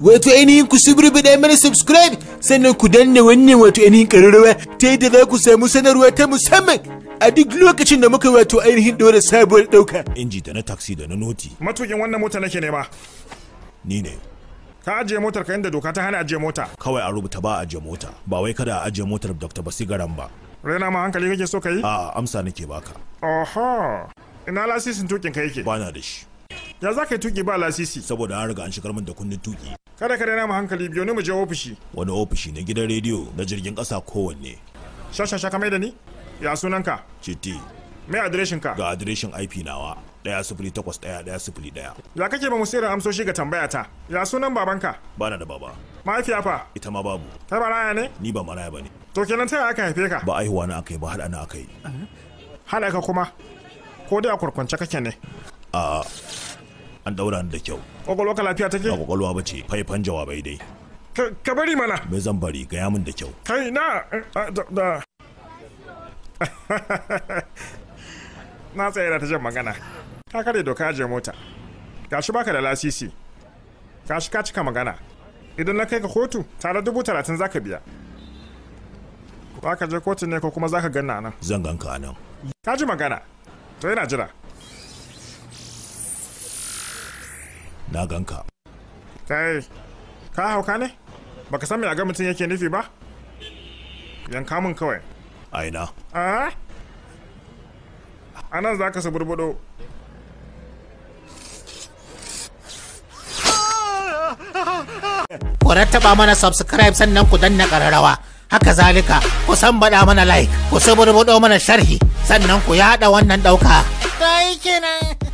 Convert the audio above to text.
Wato ainihin ku suburbuɗe mana subscribe sannan ku danna wannan wato ainihin ƙararrawa ta yadda za ku samu sanarwa ta musamman a duk lokacin da muka wato ainihin ɗora sabuwar ɗauka. Inji da na taxi da na noti. Matukin wannan mota nake nema. Ni ne. Ka ajiye motar ka inda doka ta hana ajiye mota. Kawai a rubuta ba ajiye mota ba wai kada a ajiye motar Dr. Basigaran ba. rena ma hankali kake so ka yi? A'a amsa nake baka. Oho. Ina lasisin tukin ka yake? Bana da shi. ya za ka yi tuki ba lasisi saboda an riga an shigar min da kunnin tuki kada ka daina mu hankali biyo ni mu je ofishi wani ofishi na gidan rediyo na jirgin ƙasa kowanne Shasha ka mai da ni ya sunanka citi mai adireshin ka ga adireshin ip nawa ɗaya sifili takwas ɗaya ɗaya sifili ɗaya ya kake ba mu sirrin amsoshi ga tambaya ta ya sunan babanka bana da baba mahaifiya fa ita ma babu kai maraya ne ni ba maraya ba ne to kenan ta aka haife ka ba aihuwa na aka yi ba haɗa na aka yi haɗa ka kuma ko dai a kurkunce kake ne a an daura ni da kyau kwakwalwa ka lafiya take ba kwakwalwa ba ce faifan jawabai dai ka bari mana me zan bari gaya min da kyau kai na eh, da na tsaye da ta jan magana ka kare doka je mota shi baka da lasisi shi ka cika magana idan na kai ka kotu tare dubu talatin zaka biya Ba ka je kotu ne ko kuma za ka ganna nan zan ganka nan ka ji magana to yana jira na ganka kai ka hauka ne baka san me ga mutum yake nufi ba yanka min kawai aina a nan za ka burbudo. ku rattaba mana subscribe sannan ku danna kararrawa haka zalika ku san bada mana like ku burbudo mana sharhi sannan ku yada wannan dauka ta yi kenan